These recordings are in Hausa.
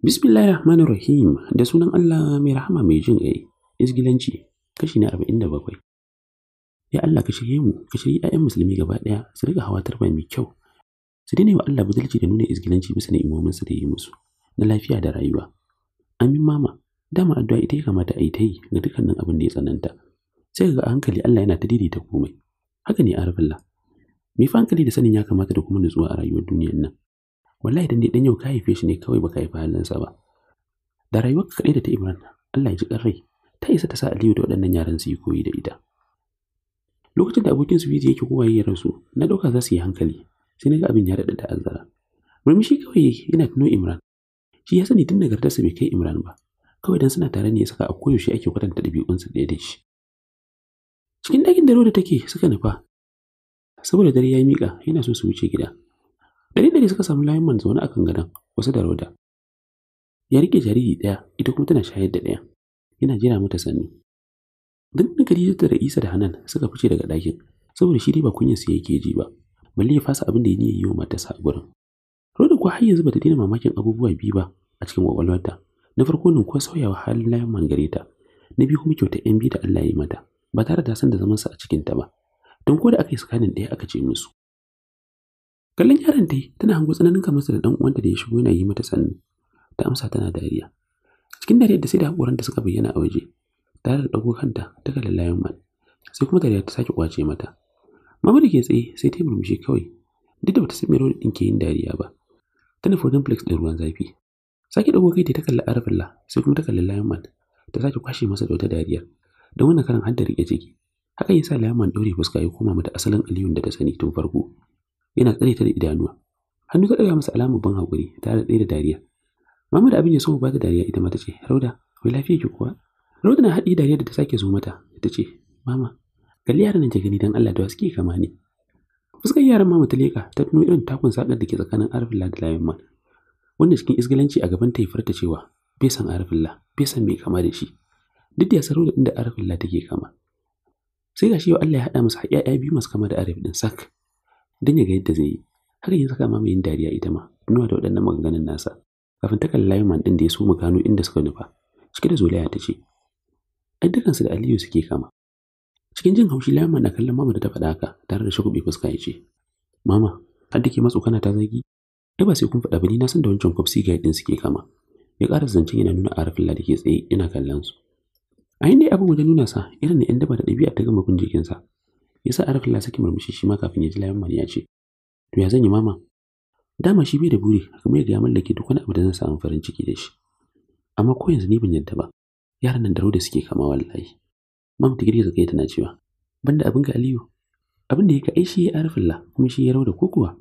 Bismillahir Rahmanir Rahim da sunan Allah mai rahama mai jin ƙai, isgilanci kashi na 47. Ya Allah ka shirye mu, ka shirye ƴaƴan musulmi gaba ɗaya su riga hawa tarba mai kyau. Su daina wa Allah buzulci da nuna isgilanci bisa su da yi musu na lafiya da rayuwa. Amin mama, dama addu'a ita ya kamata a yi ta yi ga dukkanin abin da ya tsananta. Sai ga hankali Allah yana ta daidaita komai. haka ne a arafillah mi fa hankali da sanin ya kamata da kuma nutsuwa a rayuwar duniyar nan wallahi dan ne dan yau ka haife shi ne kawai baka haifa sa ba da rayuwar ka da ta Imran Allah ya ji rai. ta isa ta sa Aliyu da waɗannan yaran su yi koyi da ita lokacin da abokin su yake kowa ya rasu na ɗauka za su yi hankali sai na abin ya daɗa ta'azzara murmushi kawai yana tuno Imran shi ya sani tun nagartarsa bai kai Imran ba kawai dan suna tare ne ya saka a koyaushe ake kwatanta ɗabi'unsa ɗaya da shi cikin ɗakin da da take suka nufa saboda dare ya miƙa yana so su wuce gida dare dare suka samu layin man zaune akan gadon wasu da roda ya rike jariri ɗaya ita kuma tana shayar da ɗaya yana jira mata sannu duk da Khadija da Isa da Hanan suka fice daga ɗakin saboda shi dai ba kunyar su yake ji ba balle ya fasa abin da ya niyyar yi wa matarsa a gurin Roda kuwa har yanzu bata daina mamakin abubuwa biyu ba a cikin kwakwalwarta na farko nan kuwa sauyawa halin layin man gare ta na biyu kuma kyauta yan biyu da Allah ya yi mata ba tare da san da zamansa a cikinta ba don ko da aka yi sakanin ɗaya aka ce musu kallon yaron dai tana hango tsananin kamar kamarsa da 'dan uwanta da ya shigo yana yi mata sannu ta amsa tana dariya cikin dariyar da sai da haƙoran da suka bayyana a waje tare da dago kanta ta kalli layan man sai kuma dariya ta sake kwace mata mama da ke tsaye sai ta murmushi kawai duk da bata san mero din ke yin dariya ba Tana fodin wajen flex da ruwan zafi sake dago kai ta kalli arafilla sai kuma ta kalli lion man ta sake kwashe masa da wata dariyar don wani karin har da riƙe haka hakan yasa layman ɗaure fuska ya koma mata asalin aliyun da ta sani tun farko yana tsare ta da idanuwa hannu ta ɗaga masa alamar ban haƙuri tare da ɗaya da dariya mama da abin ya so ba ta dariya ita ma ce rauda wai lafiya ki kuwa rauda na haɗi dariya da ta sake zo mata ta ce mama kalli yaran nan ta gani don Allah da suke kama ne fuskar yaran mama ta leƙa ta tuno irin takun sakar da ke tsakanin arfilla da layaman wanda cikin isgalanci a gaban ta ya furta cewa bai san arfilla bai san mai kama da shi duk da ya saro da inda arafin la take kama sai ga shi yau Allah ya haɗa masa haƙiƙa biyu masu kama da arif din sak dan ya ga yadda zai yi har yanzu saka mamayin dariya ita ma nuna da waɗannan maganganun nasa kafin ta kalli layuman din da ya so mu gano inda suka nufa cike da zolaya ta ce ai dukansu da aliyu suke kama cikin jin haushi layman na kallon mama da ta faɗa haka tare da shagube fuska ya ce mama har da ke kana ta zagi ai ba sai kun faɗa ba ni na san da wancan kwafsi ga yadin suke kama ya ƙara zancen yana nuna arafin la da ke tsaye ina kallon su a yin dai abin wajen nuna sa irin da 'yan daba da ɗabi'a ta gama bin jikinsa ya sa arafin lasaki murmushi shi ma kafin ya ji layan mani ya ce to ya zan yi mama dama shi bai da buri kuma yadda ya mallake duk wani abu da zan samu farin ciki da shi amma ko yanzu ni ban yadda ba yaran nan da da suke kama wallahi mam ta girgiza kai tana cewa banda abin ga aliyu abin da ya ka aishi ya arafin la kuma shi ya rauda ko kuwa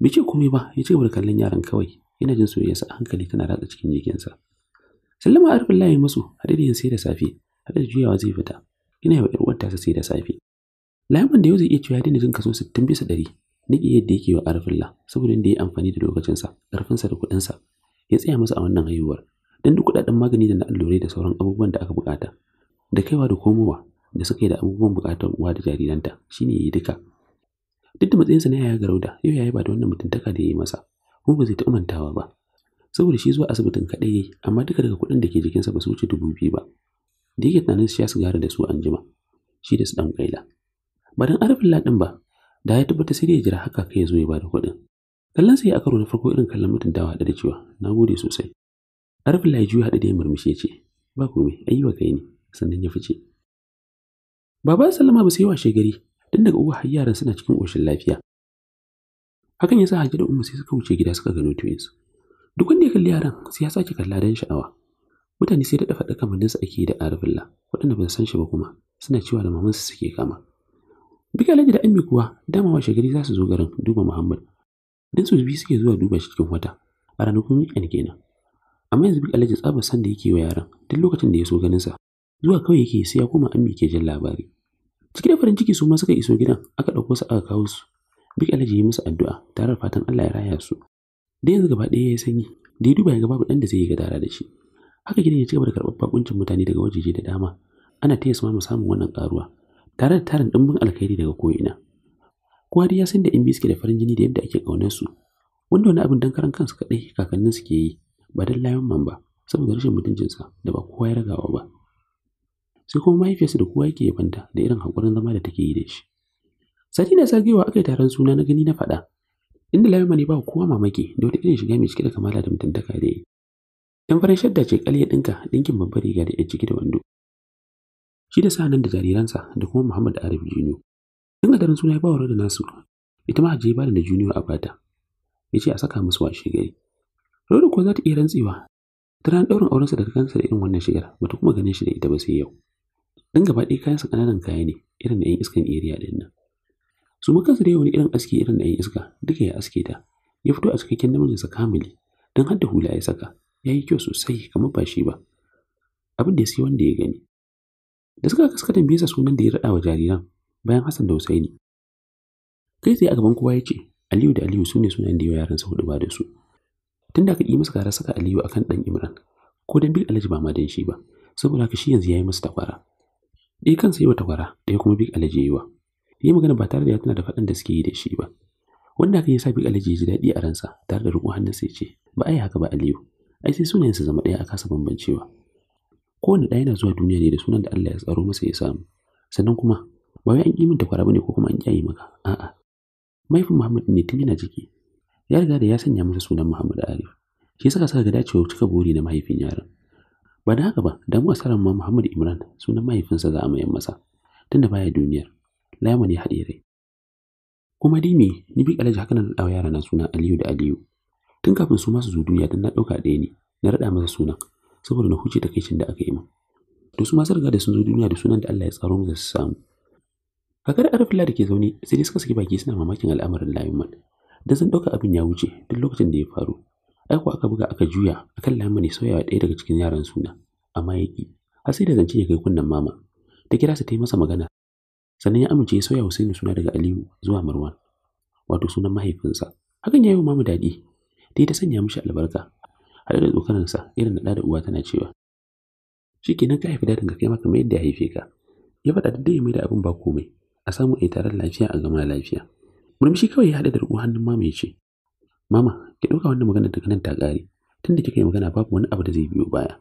bai ce komai ba ya ci gaba da kallon yaran kawai yana jin soyayya sa hankali tana ratsa cikin jikinsa sallama a rufin layi musu hadari yin sai da safe hadari juyawa zai fita yana yawa ƴar'uwar tasa sai da safe layaman da yau zai iya cewa ya daina jin kaso sittin bisa ɗari ke yadda yake wa la saboda da ya amfani da lokacinsa ƙarfinsa da kuɗinsa ya tsaya masa a wannan haihuwar don duk kuɗaɗen magani da na allurai da sauran abubuwan da aka buƙata da kaiwa da komowa da suka yi da abubuwan buƙatar uwa da jariranta shine yi duka duk da matsayinsa na yaya garauda yau yayi ba da wannan mutuntaka da ya yi masa kuma ba zai taɓa mantawa ba saboda shi zuwa asibitin kaɗai yayi amma duka daga kuɗin da ke jikinsa ba su wuce dubu biyu ba da yake tunanin ya su gara da su an jima shi da su ɗan ƙaila ba don arafin laɗin ba da ya tabbata sai da ya jira haka kai ya zo ya bada kuɗin kallon sai a karo na farko irin kallon dawa haɗe da cewa na gode sosai arafin layi juya haɗe da ya murmushe ce ba komai ayyuka kai ne sannan ya fice baba sallama ba su yi washe gari tun daga uwa har yaran suna cikin ƙoshin lafiya hakan ya sa hajji da umma sai suka wuce gida suka gano twins duk wanda ya kalli yaran sai ya sake kalla don sha'awa mutane sai da faɗa su ake da arifilla waɗanda ban san shi ba kuma suna cewa da mamansu suke kama duk alaji da ammi kuwa dama wa gari za su zo garin duba muhammad dan su biyu suke zuwa duba shi cikin wata a ranakun weekend kenan amma yanzu duk alaji tsabar san da yake wa yaran duk lokacin da ya so sa zuwa kawai yake sai ya koma ammi ke jin labari Cikin da farin ciki su ma suka iso gidan aka ɗauko su aka kawo su duk alaji ya musu addu'a tare da fatan allah ya raya su da yanzu gaba ɗaya ya sanyi da ya duba ya babu da zai yi gadara da shi haka gidan ya ci gaba da karɓar bakuncin mutane daga wajeje da dama ana taya su ma samun wannan karuwa tare da tarin ɗumbin alkhairi daga ko'ina kowa dai ya san da in suke da farin jini da yadda ake ƙaunar su wanda wani abin dan karan kansu kaɗai kakannin su ke yi ba dan layan man ba saboda rashin mutuncinsa da ba kowa ya ragawa ba sai kuma mahaifiyarsa da kowa yake banta da irin haƙurin zama da take yi da shi sati na zagayowa aka yi taron suna na gani na faɗa inda Larima ne ba kowa mamaki da wata irin shiga mai cike da kamala da mutuntaka da yi. Yan farin shadda ce ƙalya ɗinka ɗinkin babbar riga da yan ciki da wando. Shi da sa nan da jariransa da kuma Muhammad Arif Junior. a daren suna ya bawa da nasu, ita ma hajji bada da Junior a bata. Ya ce a saka musu washe gari. Rodo ko za ta iya rantsewa ta ran ɗaurin aurensa daga kansa da irin wannan shigar bata kuma ganin shi da ita ba sai yau. Dan gaba ɗaya kayansa ƙananan kaya ne irin da 'yan iskan eriya ɗin nan. su muka su dai wani irin aski irin na 'yan iska duka ya aske ta ya fito a cikakken namijinsa kamili don har da hula ya saka ya yi kyau sosai kamar ba shi ba abin da ya sai wanda ya gani da suka kaska tambaye bisa sunan da ya raɗa wa jariran bayan Hassan da Husaini kai sai a gaban kowa ya ce Aliyu da Aliyu sune sunan da yawa yaran sa hudu ba da su tun da aka yi masa kara saka Aliyu akan ɗan Imran ko dan Big Alhaji ba ma dan shi ba saboda haka shi yanzu ya yi masa takwara ɗaya kansa yi wa takwara ɗaya kuma Big Alhaji yi wa ya yi magana ba tare da ya tuna da faɗan da suke yi da shi ba wanda hakan ya sa bika ya ji daɗi a ransa tare da rukun hannunsa ya ce ba yi haka ba aliyu ai sai sunayen su zama ɗaya a kasa bambancewa kowane ɗaya yana zuwa duniya ne da sunan da Allah ya tsaro masa ya samu sannan kuma ba wai an ƙi min takwara bane ko kuma an ƙiyaye maka a'a mahaifin Muhammad ne tun yana jiki ya riga da ya sanya masa sunan Muhammad alif shi saka saka ga dacewa cika buri na mahaifin yaron ba da haka ba da mu asaran ma Muhammad Imran sunan mahaifinsa za a mayan masa tunda baya duniyar Layama ne haɗe rai. Kuma dai me, ni bi ƙalaji haka na raɗawa yara na suna Aliyu da Aliyu. Tun kafin su masu zo duniya dan na ɗauka ɗaya ne, na raɗa masa sunan saboda na huce takaicin da aka yi min. To su ma riga da sun zo duniya da sunan da Allah ya tsaro mu su samu. Kakar Arafila da ke zaune sai dai suka saki baki suna mamakin al'amarin layuman. Da sun ɗauka abin ya wuce duk lokacin da ya faru. Ai aka buga aka juya akan Layman ne sauyawa ɗaya daga cikin yaran suna amma ya ƙi. Har sai da zance ya kai kunnen mama. Ta kira su ta yi masa magana sannan ya amince ya sauya Husainu suna daga Aliyu zuwa Marwan wato sunan mahaifinsa hakan ya yi mamu daɗi da ta sanya mishi albarka har da tsokanarsa irin da da uwa tana cewa shi kenan ka haifi dadin ka kai maka mai yadda ya haife ka ya faɗa da dai mai da abin ba komai a samu a tare taron lafiya a gama lafiya murmushi kawai ya haɗe da riƙo hannun mama ya ce mama ki ɗauka wannan magana daga nan ta ƙare tunda kika yi magana babu wani abu da zai biyo baya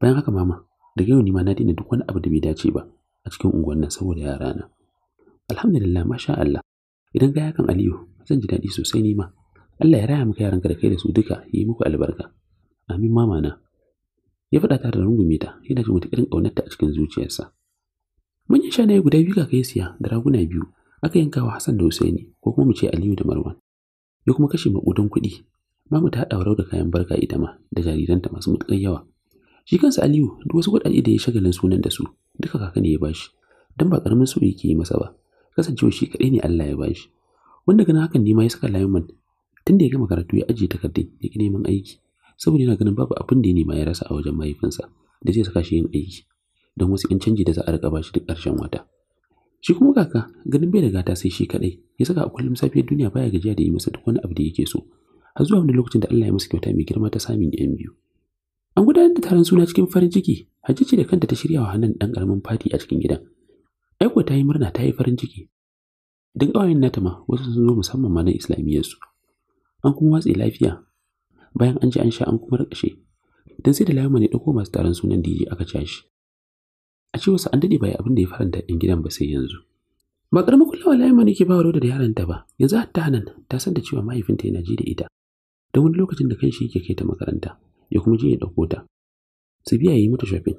bayan haka mama daga yau ni ma na daina duk wani abu da bai dace ba a cikin unguwan nan saboda yarana. Alhamdulillah masha Allah. Idan ga yakan Aliyu zan ji daɗi sosai ni ma. Allah ya raya maka ka da kai da su duka yi muku albarka. Amin mama na. Ya faɗa ta da rungume ta yana jin wata irin ƙaunarta a cikin zuciyarsa. mun yi shanaye guda biyu ga ya siya da raguna biyu aka yanka wa Hassan da Husaini ko kuma mu ce Aliyu da Marwan. Ya kuma kashe maƙudan kuɗi. Mamu ta haɗa da kayan barka ita ma da jariranta masu matuƙar yawa. Shi kansa Aliyu duk wasu kuɗaɗe da ya shagalin sunan da su duka kaka ne ya bashi don ba karamin so yake yi masa ba kasancewa shi kaɗai ne Allah ya bashi wanda ganin hakan ne ma ya saka Lyman tun da ya gama karatu ya ajiye takardun ya ki neman aiki saboda yana ganin babu abin da ya nema ya rasa a wajen mahaifinsa da zai saka shi yin aiki don wasu 'yan canji da za a riƙa bashi duk ƙarshen wata shi kuma kaka ganin bai da gata sai shi kaɗai ya saka a kullum safiyar duniya baya gajiya da yi masa duk wani abu da yake so har zuwa wani lokacin da Allah ya masa kyauta mai girma ta samun 'yan biyu an gudanar da taron suna cikin farin ciki Hajjici da kanta ta shirya wa hannun ɗan ƙaramin fati a cikin gidan. Aiko ta yi murna ta yi farin ciki. Don ƙawayen nata ma wasu sun zo musamman ma na Islamiyyarsu. An kuma watse lafiya. Bayan an ji an sha an kuma rakashe. Don sai da layuma ne ɗauko masu taron sunan DJ aka shi A ce wasu an daɗe bai abin da ya faranta ɗin gidan ba sai yanzu. Ba ƙaramin kulawa layuma ne ke ba da yaranta ba. Yanzu hatta nan ta san da cewa mahaifinta yana ji da ita. Don wani lokacin da kan shi yake kai ta makaranta ya kuma je ya ɗauko ta. su biya yi mata shopping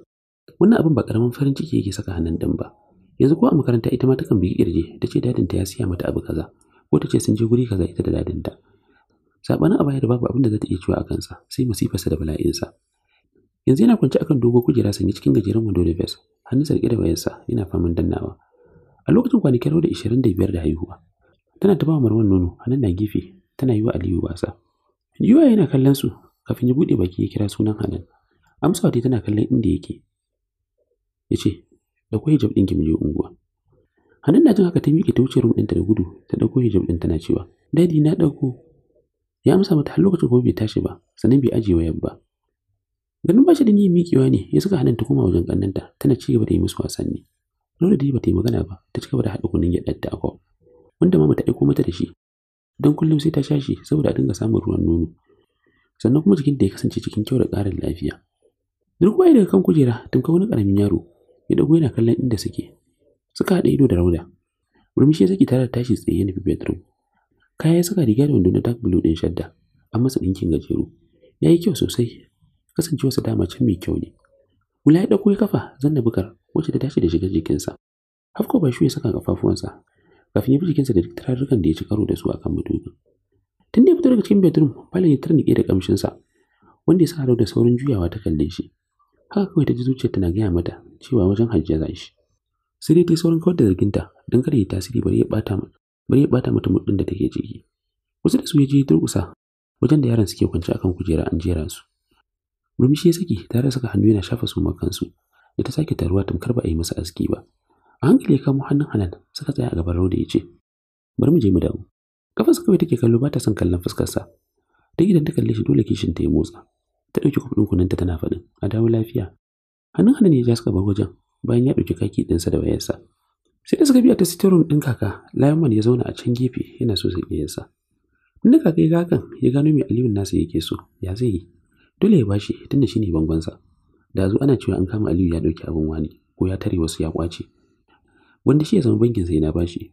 wannan abin ba karamin farin ciki yake saka hannun din ba yanzu ko a makaranta ita ma takan bi kirje ta ce dadinta ya siya mata abu kaza ko ta ce sun je guri kaza ita da dadin ta sabanin a baya da babu abin da za ta iya cewa a kansa sai musifarsa da bala'insa yanzu yana kwance akan dogo kujera sanye cikin gajeren wando da bes hannun riƙe da wayarsa yana faman dannawa a lokacin kwanaki rau da ishirin da biyar da haihuwa tana ta bawa marwan nono hannun na gefe tana yi wa aliyu wasa yuwa yana kallon su kafin ya buɗe baki ya kira sunan hannun amsawa dai tana kallon inda yake ya ce da kwai hijab ɗinki mu je unguwa hannun na jin haka ta miƙe ta wuce rum ta da gudu ta ɗauko hijab ɗin tana cewa dadi na ɗauko ya amsa mata har lokacin kuma bai tashi ba sannan bai ajiye wayar ba ganin ba shi da niyyar miƙewa ne ya saka hannun ta koma wajen ƙannanta tana ci gaba da yi musu wasanni Lola dai ta yi magana ba ta ci gaba da haɗa kunun gyaɗar da akwa wanda mama ta aiko mata da shi don kullum sai ta sha shi saboda a dinga samun ruwan nono sannan kuma jikin da ya kasance cikin kyau da ƙarin lafiya Duk waye daga kan kujera tunka wani karamin yaro ya dago yana kallon inda suke. Suka haɗa ido da rauda. Murmushi ya saki tare da tashi tsaye ya nufi bedroom. Kaya ya saka riga da wando na dark blue ɗin shadda. An masa ɗinkin gajeru. Ya yi kyau sosai. Kasancewarsa dama can mai kyau ne. Wula ya ɗauko ya kafa zanna bukar wacce ta tashi da shiga jikinsa. Hafko ba shi ya saka kafafuwansa kafin ya bi jikinsa da duk da ya ci karo da su a kan madubin. Tun da ya fito daga cikin bedroom, falon ya tarnike da kamshinsa, wanda ya sa da saurin juyawa ta kalle shi. haka kawai ta ji zuciyarta na gaya mata cewa wajen hajjiya za shi sai dai ta yi saurin kawar da zarginta don kada ya tasiri bari ya bata bari ya bata mata muddin da take ciki wasu da su ya je durƙusa wajen da yaran suke kwance akan kujera an jera su murmushi ya saki tare da saka hannu yana shafa su kansu da ta sake taruwa tamkar ba a yi masa aski ba a hankali ya kamo hannun hanan suka tsaya a gaban rauda ya ce bari mu je mu dawo su kawai take kallo ba ta son kallon fuskarsa ta gidan ta kalle shi dole kishin ta yi motsa ta ɗauki kuɗin ɗin kunanta tana faɗin a dawo lafiya hannun hannun ya ja suka bar wajen bayan ya ɗauki kaki ɗinsa da wayarsa sai da suka biya ta sitting rum ɗin kaka layman ya zauna a can gefe yana so sai ƙiyarsa inda kaka ya gakan ya gano mai aliyun nasa yake so ya zai yi dole ya bashi tunda shi ne bangonsa da zo ana cewa an kama aliyu ya ɗauki abin wani ko ya tare wasu ya kwace wanda shi ya zama bankin sai na bashi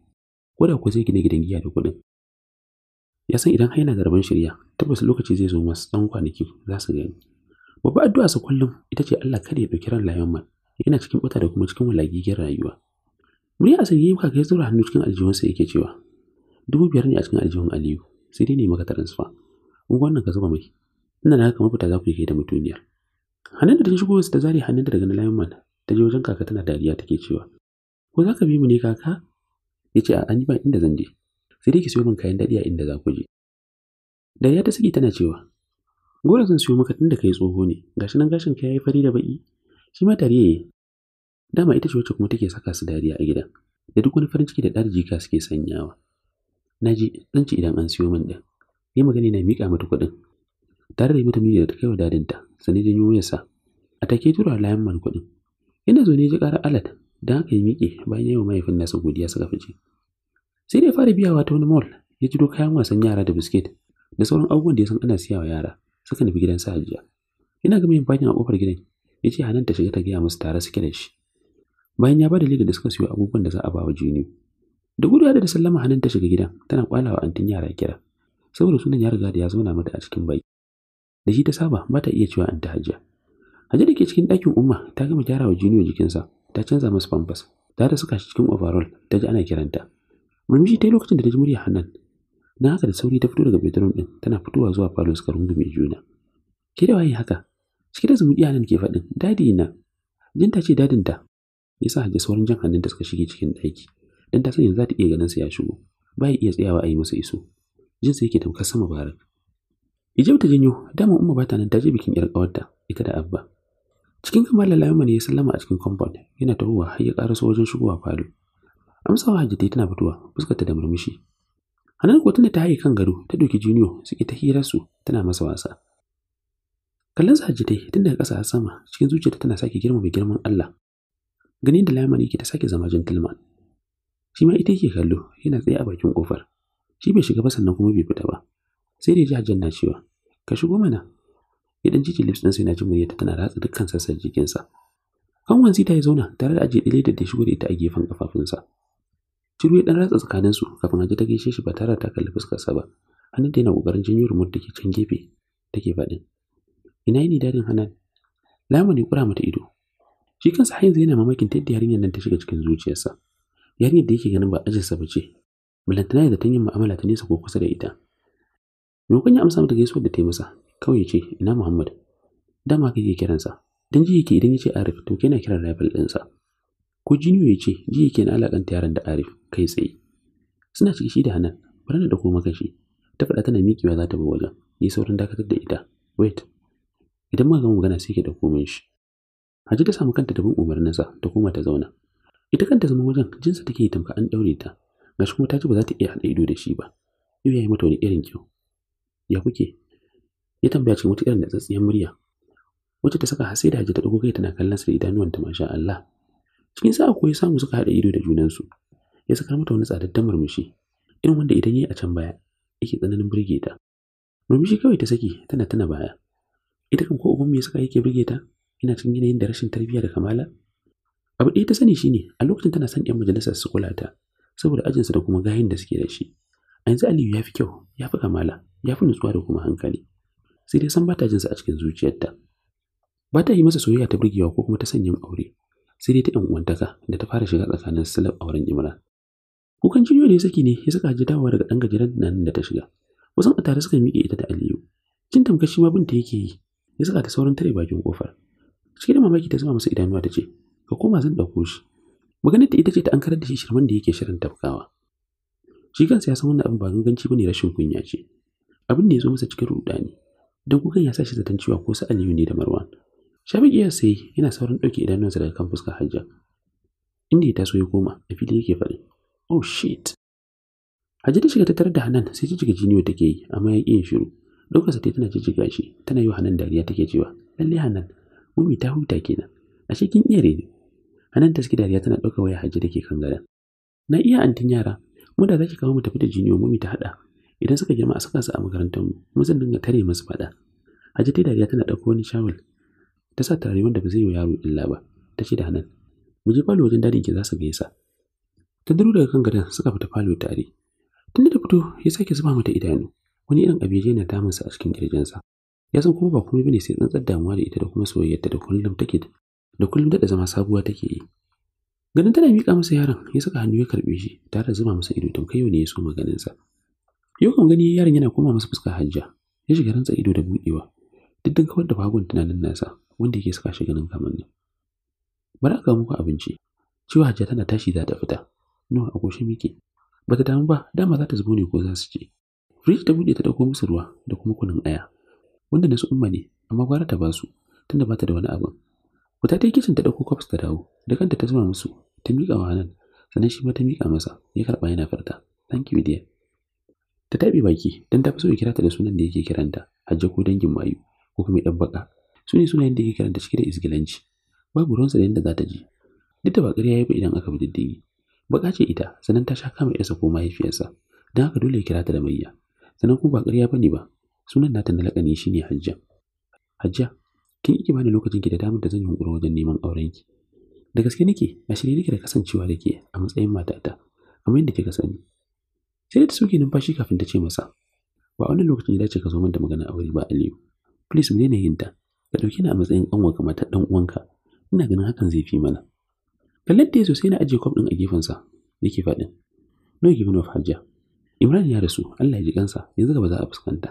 ko da ko zai gina gidan giya da kuɗin ya san idan haina garban shirya tabbas lokaci zai zo masu dan kwanaki za su gani babba addu'a su kullum ita ce Allah kada ya ɗauki ran man, yana cikin bata da kuma cikin walagigiyar rayuwa murya asali yayi ka ya zura hannu cikin aljihunsa yake cewa dubu biyar ne a cikin aljihun Aliyu sai dai ne maka transfer wannan ka zuba mai ina da haka mafita za ku yi da mutuniyar hannun da ta shigo wasu ta zari hannun da daga na layan man, ta je wajen kaka tana dariya take cewa ko za ka bi mu ne kaka ya ce a an yi ba inda zan je sai dai ki siyo min kayan daɗi a inda za ku je. Dariya ta saki tana cewa, Gora zan siyo maka tun da kai tsoho ne, gashi nan gashin ka yi fari da baƙi. Shi ma yi. Dama ita ce wacce kuma take saka su dariya a gidan, da duk wani farin ciki da ɗar jika suke sanyawa. Na ji ɗan ci idan an siyo min ɗin. Yi magani na miƙa mata kuɗin. Tare da yi mata miliyar da ta kai wa dadinta, sani janyo wayarsa. A take tura layan man kuɗin. Yana zo ne ji ƙarar alat, don haka ya miƙe bayan yawan mahaifin nasa godiya suka fice. sai dai fara biyawa ta wani mall ya jiro kayan wasan yara da biskit da sauran abubuwan da ya san ana siya yara suka nufi gidan sa jiya. ina ga mai bakin a kofar gidan ya ce hanan ta shiga ta gaya musu tare suke da shi bayan ya ba da da suka siyo abubuwan da za a ba wa jini. da gudu da sallama hannun ta shiga gidan tana kwalawa antin yara kira saboda sunan ya riga da ya zauna mata a cikin baki da shi ta saba ba ta iya cewa an ta hajiya hajiya da ke cikin ɗakin umma ta gama gyara wa junior jikinsa ta canza masa famfas ta da suka shi cikin overall ta ji ana kiranta Murmushi ta yi lokacin da ta ji murya Hannan. Na haka da sauri ta fito daga bedroom ɗin tana fitowa zuwa falo suka mai juna. Ke da waye haka? Cike da zumuɗi nan ke faɗin, dadi na. ta ce dadin ta Yasa Hajji saurin jan hannun da suka shige cikin ɗaki. Don ta sanya yanzu za ta iya ganin sa ya shigo. Ba iya tsayawa a yi masa iso. sa yake tamkar sama bara Hijab ta janyo, dama Umma ba ta nan ta je bikin 'yar ƙawarta, ita da Abba. Cikin kamar lalayuma ne ya sallama a cikin compound, yana tahowa har ya ƙaraso wajen shigowa falo. amsawa hajji tana fitowa fuskarta da murmushi hanan ko tunda ta haye kan gado ta doki junior suke ta hirar su tana masa wasa kallon sa hajji tun daga ƙasa sama cikin zuciyarta tana sake girmama girman Allah ganin da lamari yake ta sake zama gentleman shi ma ita yake kallo yana tsaye a bakin kofar shi bai shiga ba sannan kuma bai fita ba sai da ya ji hajjan na cewa ka shigo mana ya dan jiji lips ɗinsa yana jin muryarta tana ratsa dukkan sassan jikinsa Kanwan zita ya zauna tare da ajiye ɗaya da ta shigo da ita a gefen kafafunsa. Shiru ya dan ratsa tsakaninsu kafin aje ta gaishe shi ba tare da ta kalli fuskarsa ba. hannun da yana ƙoƙarin janyo rumur da ke can gefe take faɗin. Ina yini dadin Hanan? Lamu ne kura mata ido. Shi kansa har yanzu yana mamakin ta yadda yarinyar nan ta shiga cikin zuciyarsa. Yarinyar da yake ganin ba ajinsa ba ce. Balantana da ta yi mu'amala ta nesa ko kusa da ita. kun ya amsa mata gaisuwar da ta yi masa, kawai ya ce, ina Muhammad. Dama kake kiransa. Dan ji yake idan ya ce Arif to yana kiran rifle ɗinsa. Ko Jiniyo ya ce ji yake na alaƙanta yaran da Arif kai tsaye. Suna ciki shi da Hanan, bana da kuma kashi Ta faɗa tana miƙewa za ta bi wajen, Yi saurin dakatar da ita. Wait, idan ma gama magana sai ke da komai shi. Haji ta samu kanta da bin umarninsa ta koma ta zauna. Ita kanta zama wajen jinsa take yi tamka an daure ta. Gashi kuma ta ji ba za ta iya haɗa ido da shi ba. Yau ya yi mata wani irin kyau. Ya kuke? Ya tambaya cikin wata irin da tsatsiyar murya. wacce ta saka har da ta dago kai tana kallon sa da idanuwanta masha Allah cikin sa'a ko ya samu suka haɗa ido da junansu ya saka mata wani tsadaddan murmushi irin wanda idan yayi a can baya yake tsananin burge ta murmushi kawai ta saki tana tana baya ita kan ko ubun me suka yake burge ta ina cikin yanayin da rashin tarbiyya da kamala abu ɗaya ta sani shine a lokacin tana son 'yan majalisar su kula ta saboda ajinsa da kuma gayin da suke da shi a yanzu aliyu ya fi kyau ya fi kamala ya fi nutsuwa da kuma hankali sai dai san bata jin jinsa a cikin zuciyarta ba ta yi masa soyayya ta burgewa ko kuma ta sanya aure sai dai ta ‘yan uwantaka da ta fara shiga tsakanin a auren Imran. Kukan jinyo da ya saki ne ya saka ji dawowa daga ɗan gajeren nan da ta shiga. Wasan a tare suka miƙe ita da Aliyu. Jin tamkar shi ma binta yake yi ya saka ta saurin tare bakin kofar. Cikin da mamaki ta zama masa idanuwa ta ce, Ka koma zan ɗauko shi. Maganar ta ita ce ta an karar da shi shirman da yake shirin tafkawa. Shi kansa ya san wannan abin ba ganganci bane rashin kunya ce. Abin da ya zo masa cikin rudani. Don kukan ya sa shi zaton cewa ko su Aliyu ne da Marwan. Shafiƙi ya sai yana saurin ɗauke idanunsa daga kan fuskar Hajja. Inda ya taso ya koma a fili yake faɗi. Oh shit! Hajji ta shiga ta tarar da Hanan sai jijjiga jiniyo take yi amma ya ƙi yin shiru. Ɗaukarsa ta tana jijjiga shi tana yi wa Hanan dariya take cewa lallai Hanan mummi ta huta kenan ashe kin iya rene. Hanan ta suke dariya tana ɗaukar waya Hajji ke kan gada Na iya antin yara mu da zaki kawo mu tafi da jiniyo mummi ta haɗa idan suka girma a saka su a makarantar mu mu zan dinga tare masu faɗa. Hajji ta dariya tana ɗauko wani shawul ta sa tare wanda ba zai yi yaro illa ba ta ce da hanan mu ji falo wajen dadin ki za su gaisa ta duru daga kan gadon suka fita falo tare tunda da fito ya sake zuba mata idanu wani irin abije na damunsa a cikin kirjinsa ya san kuma ba komai bane sai tsantsar damuwa da ita da kuma soyayyarta da kullum take da kullum da zama sabuwa take yi ganin tana miƙa masa yaron ya saka hannu ya karɓe shi tare da zuba masa ido kai yau ne ya so maganin yau kan gani yaron yana koma masa fuska hajja ya shiga rantsa ido da buɗewa duk kawar da fagun tunanin nasa wanda yake saka shi ganin ne. bari aka muku abinci ciwo hajja tana tashi za ta fita no a goshi miki ba ta damu ba dama za ta zubo ne ko za su ci Rich ta buɗe ta ɗauko musu ruwa da kuma kunun aya wanda na su umma ne amma gwara ta ba su tunda ba ta da wani abin Wuta ta kicin ta dauko cups ta dawo da kanta ta zuba musu ta miƙa wa nan sannan shi ma ta miƙa masa ya karɓa yana farta thank you dear ta taɓe baki don ta fi so ya kira ta da sunan da yake kiranta hajja ko dangin mayu ko kuma ɗan baka su ne sunayen da yake karanta cike da isgilanci babu ruwansa da yadda za ta ji duk da ba ya ba idan aka bi diddigi baka ce ita sannan ta sha kama yasa ko mahaifiyarsa don haka dole ya kira ta da mayya sannan kuma ba ya ba ba sunan nata na laƙani shi ne hajja hajja kin ki bani lokacin ki da damar da zan yi hunkuri wajen neman auren ki da gaske nake a shirye nake da kasancewa da ke a matsayin matata kamar yadda kika sani sai da ta soke numfashi kafin ta ce masa ba wannan lokacin ya dace ka zo min da magana aure ba Aliyu please mu daina yin ta ka ɗauki ni a matsayin ƙanwarka mata ɗan uwanka ina ganin hakan zai fi mana kallon da ya sosai na ajiye kwaf ɗin a gefen sa. yake faɗin no give no hajja imran ya rasu allah ya ji kansa yanzu gaba za a fuskanta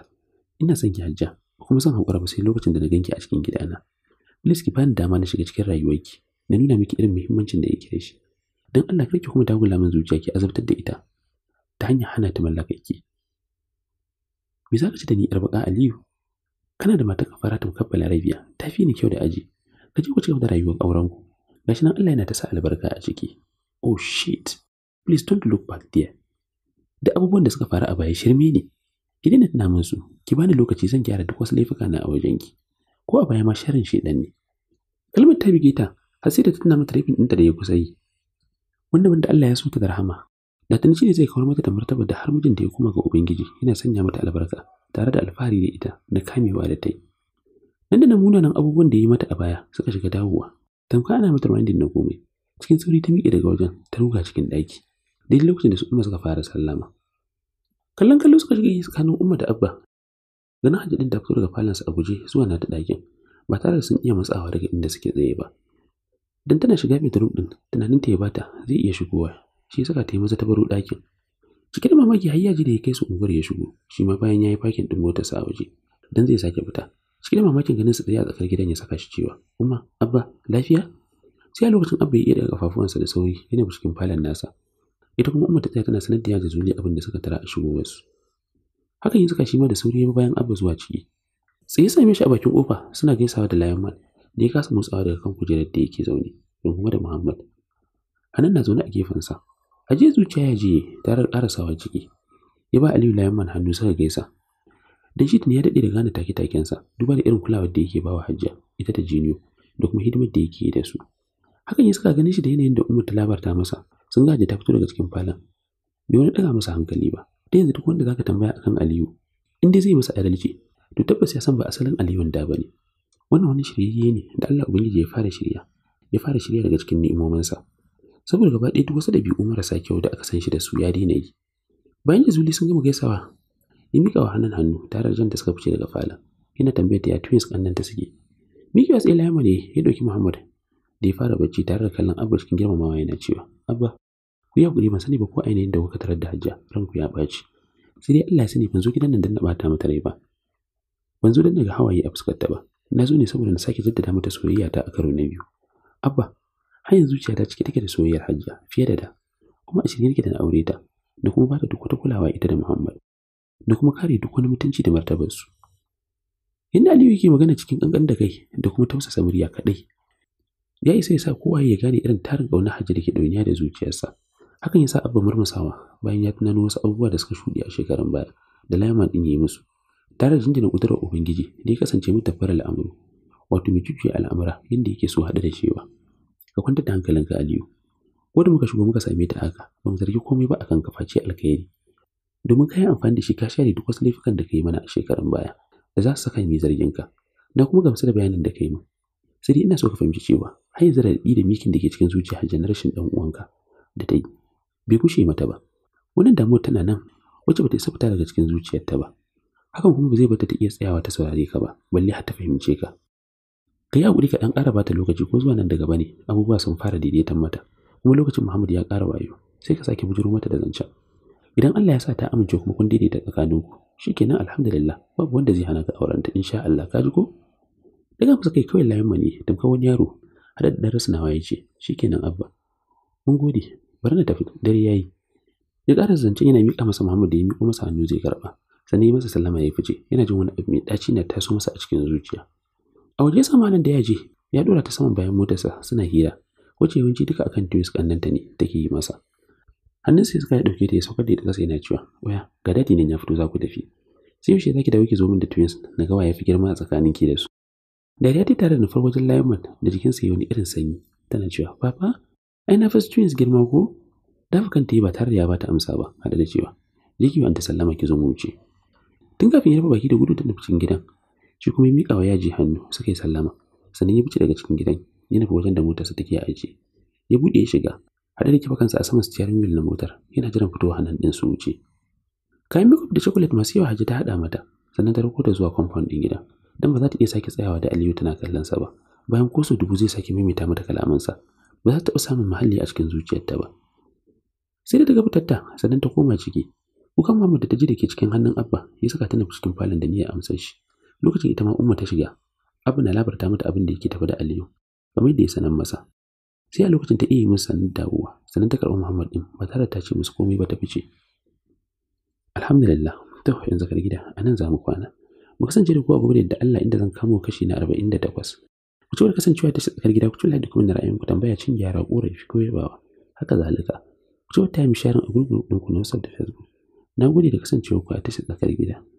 ina son ki hajja kuma son haƙura ba sai lokacin da na ganki a cikin gidana please ki bani dama na shiga cikin rayuwarki na nuna miki irin muhimmancin da yake da shi don allah kar ki kuma dagula min zuciya ki azabtar da ita ta hanyar hana ta mallaka ki me za ka ci da ni yar baka aliyu kana da matar kafara ta mukabbala rabiya ta fi ni kyau da aji ka je ku da rayuwar aurenku gashi nan Allah yana ta sa albarka a ciki oh shit please don't look back there da abubuwan da suka faru a baya shirme ne ki daina tuna min su ki bani lokaci zan gyara duk wasu laifuka na a wajen ki. ko a baya ma sharrin shedan ne kalmar ta bige ta har sai da ta tuna mata rafin ɗinta da ya kusa yi wanda wanda Allah ya so ta da rahama da tunci ne zai kawar mata da martaba da har mijin da ya koma ga ubangiji yana sanya mata albarka tare da alfahari da ita da kamewa da ta yi. Nan da na munanan abubuwan da ya yi mata a baya suka shiga dawowa, tamka ana mata rwandin na komai. Cikin sauri ta miƙe daga wajen ta ruga cikin ɗaki, daidai lokacin da su umma suka fara sallama. Kallon kallo suka shiga yi tsakanin umma da abba. Ganin hajji ɗin ta fito daga falansa a guje zuwa na ta ɗakin, ba tare da sun iya matsawa daga inda suke tsaye ba. Dan tana shiga bedroom ɗin, tunanin ta ya bata zai iya shigowa, shi saka ta yi maza ta baro ɗakin. Cike da mamaki har ya ji da ya kai su unguwar ya shigo, shi ma bayan ya yi fakin ɗin motarsa a waje, don zai sake fita. Cike mamakin ganin su tsaye a tsakar gidan ya saka shi cewa, "Umma, Abba, lafiya?" Sai a lokacin Abba ya iya daga kafafuwansa da sauri yana cikin falon nasa. Ita kuma Umma ta tsaya tana sanar da yaji zuli abin da suka tara a wasu Hakan ya saka shi ma da sauri ya bayan Abba zuwa ciki. Tsaye same shi a bakin kofa suna gaisawa da Lion Man, da ya kasa motsawa daga kan kujerar da yake zaune, kuma da Muhammad. Hanan na zaune a gefensa, A jiya zuciya ya je tare da ƙarasawa ciki. Ya ba Aliyu layman hannu saka gaisa. Danshid ne ya daɗe da gane take-takensa duba da irin kulawar da yake bawa Hajja ita ta Jiniyo da kuma hidimar da yake da su. Hakan ya saka ganin shi da yanayin da Umar ta labarta masa sun gaje ta fito daga cikin falon. Bai wani daga masa hankali ba. Ta yanzu duk wanda zaka tambaya akan Aliyu in dai zai masa adalci to tabbas ya san ba asalin Aliyun da bane. Wannan wani shirye-shirye ne da Allah Ubangiji ya fara shirya ya fara shirya daga cikin sa saboda gaba ɗaya duk wasu ɗabi'u marasa kyau da aka san shi da su ya daina yi bayan ya zuli sun gama gaisawa ya miƙa wa hannun hannu tare da jan da suka fice daga falon yana tambayar da ya twins ƙannan ta suke miƙewa tsaye ne ya ɗauki muhammad da ya fara bacci tare da kallon abba cikin girmamawa yana cewa abba ku yi haƙuri ban sani ba ko ainihin da kuka tarar da hajja ranku ya ɓaci sai dai Allah sani ban zo gidan nan don na ɓata mata rai ba ban zo don daga hawaye a fuskarta ba na zo ne saboda na sake jaddada mata soyayya ta a karo na biyu abba hanyar zuciya ta cike take da soyayyar hajiya fiye da da kuma a shirye nake da na aure ta da kuma bata duk wata kulawa ita da Muhammad da kuma kare duk wani mutunci da martabarsu. su inda Aliyu yake magana cikin kankan da kai da kuma tausasa murya kadai ya isa ya sa kowa ya gane irin tarin kaunar hajji da ke dauniya da zuciyarsa hakan ya sa abba murmusawa bayan ya tunani wasu abubuwa da suka shuɗe a shekarun baya da layman din yi musu tare da jinjina kudurar ubangiji da ya kasance mata farar al'amuru wato mai jujjuya al'amura yadda yake so haɗe da shewa ka kwantar da hankalinka aliyu ko da muka shigo muka same ta haka ba zargi komai ba akan ka face alkhairi domin ka amfani da shi ka share duk wasu laifukan da ka yi mana a shekarun baya da za su saka ni zargin ka na kuma gamsu da bayanin da kai mu min sai ina so ka fahimci cewa har yanzu da da mikin da ke cikin zuciya hajjan rashin dan uwanka da ta yi bai kushe mata ba wannan damuwar tana nan wacce bata isa fita daga cikin zuciyarta ba hakan kuma ba zai bata ta iya tsayawa ta saurare ka ba balle har ta fahimce ka ka yi haƙuri ka ɗan ƙara bata lokaci ko zuwa nan daga bane abubuwa sun fara daidaitan mata kuma lokacin Muhammad ya kara wayo sai ka sake bujuro mata da zancen idan Allah ya sa ta amince kuma kun daidaita tsakaninku shikenan alhamdulillah babu wanda zai hana ka auren ta insha Allah ka ji ko daga kusa kai kawai layin mani tamka wani yaro hada da darasin nawa ya ce shikenan abba mun gode bari na tafi dare yayi ya kara zancen yana miƙa masa Muhammad da ya miƙo masa hannu zai karɓa sannan ya masa sallama ya fice yana jin wani abu mai ɗaci na taso masa a cikin zuciya a waje samanin da ya je ya dora ta saman bayan motarsa suna hira wacce yawanci duka akan tuyus ta ne take yi masa hannun sai suka ya dauke ta ya saukar da ita kasa yana cewa waya ga dadi nan ya fito za ku tafi sai yaushe zaki dawo ki zo min da twins na gawa ya fi girma a tsakanin ke da su dariya ta tare da nufar wajen lion da jikinsa ya wani irin sanyi tana cewa papa ai na fas twins girma ko dafa ta yi ba tare da ya bata amsa ba hada da cewa jiki ta sallama ki zo mu wuce tun kafin ya rufe baki da gudu ta nufin gidan Shi kuma ya miƙa wa yaji hannu suka yi sallama, sannan ya fice daga cikin gidan ya nufi wajen da motarsa take a ajiye. Ya buɗe ya shiga, haɗe da kifa kansa a saman steering wheel na motar yana jiran fitowa hannun ɗin su wuce. Kayan makeup da chocolate masu yawa Hajji ta haɗa mata sannan ta rako da zuwa compound din gidan don ba za ta iya sake tsayawa da Aliyu tana kallon sa ba. Bayan ko dubu zai sake maimaita mata kalamansa ba za ta taɓa samun mahalli a cikin zuciyarta ba. Sai da ta gaba tatta sannan ta koma ciki. Kukan mamu da ta ji da ke cikin hannun Abba ya saka ta nufi cikin falon da niyyar amsar shi. lokacin ita ma umma ta shiga abu na labarta mata abin da yake tafi da aliyu kamar da ya sanar masa sai a lokacin ta iya yi musu sanin dawowa sanin ta karɓi muhammad din ba tare ta ce musu komai ba ta fice alhamdulillah to yanzu kar gida anan za mu kwana mu kasance da kowa gobe da Allah inda zan kamo kashi na arba'in da takwas. ku ci kasancewa ta tsakar gida ku ci da kuma ra'ayin ku tambaya cin gyara korafi ko yabawa haka zalika ku ci wata yi sharing a gurgurun ku na WhatsApp da Facebook na gode da kasancewa ku a tashar tsakar gida